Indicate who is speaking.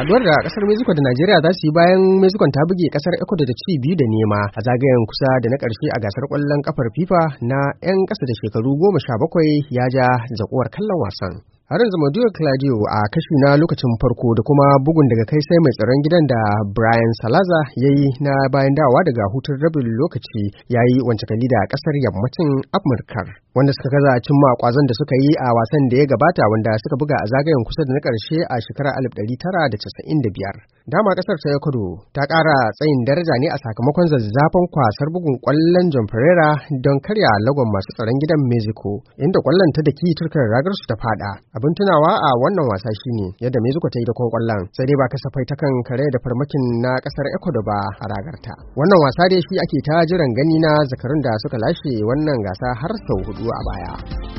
Speaker 1: haduwar da kasar mexico da najeriya za su yi bayan mexico ta buge kasar ecuador da ci biyu da nema a zagayen kusa da na karshe a gasar kwallon kafar fifa na 'yan kasa da shekaru goma sha bakwai ya ja zakuwar kallon wasan har yanzu Maduyo Claudio a kashi na lokacin farko da kuma bugun daga kai sai mai tsaron gidan da Brian Salaza ya yi na bayan dawa daga hutun rabin lokaci ya yi wancakali da kasar yammacin Amurkar wanda suka kaza cimma kwazon da suka yi a wasan da ya gabata wanda suka buga a zagayen kusa da na karshe a shekarar 1995. Dama kasar ta Ecuador ta ƙara tsayin daraja ne a sakamakon zazzafan kwasar bugun ƙwallon John Ferreira don karya lagon masu tsaron gidan Mexico, inda ƙwallon ta daki turkar ragar su ta fada. Abin tunawa a wannan wasa shine yadda Mexico ta yi da ƙwallon, sai dai ba kasafai ta kan kare da farmakin na kasar Ecuador ba a ragarta. Wannan wasa dai shi ake ta jiran gani na zakarun da suka lashe wannan gasa har sau hudu a baya.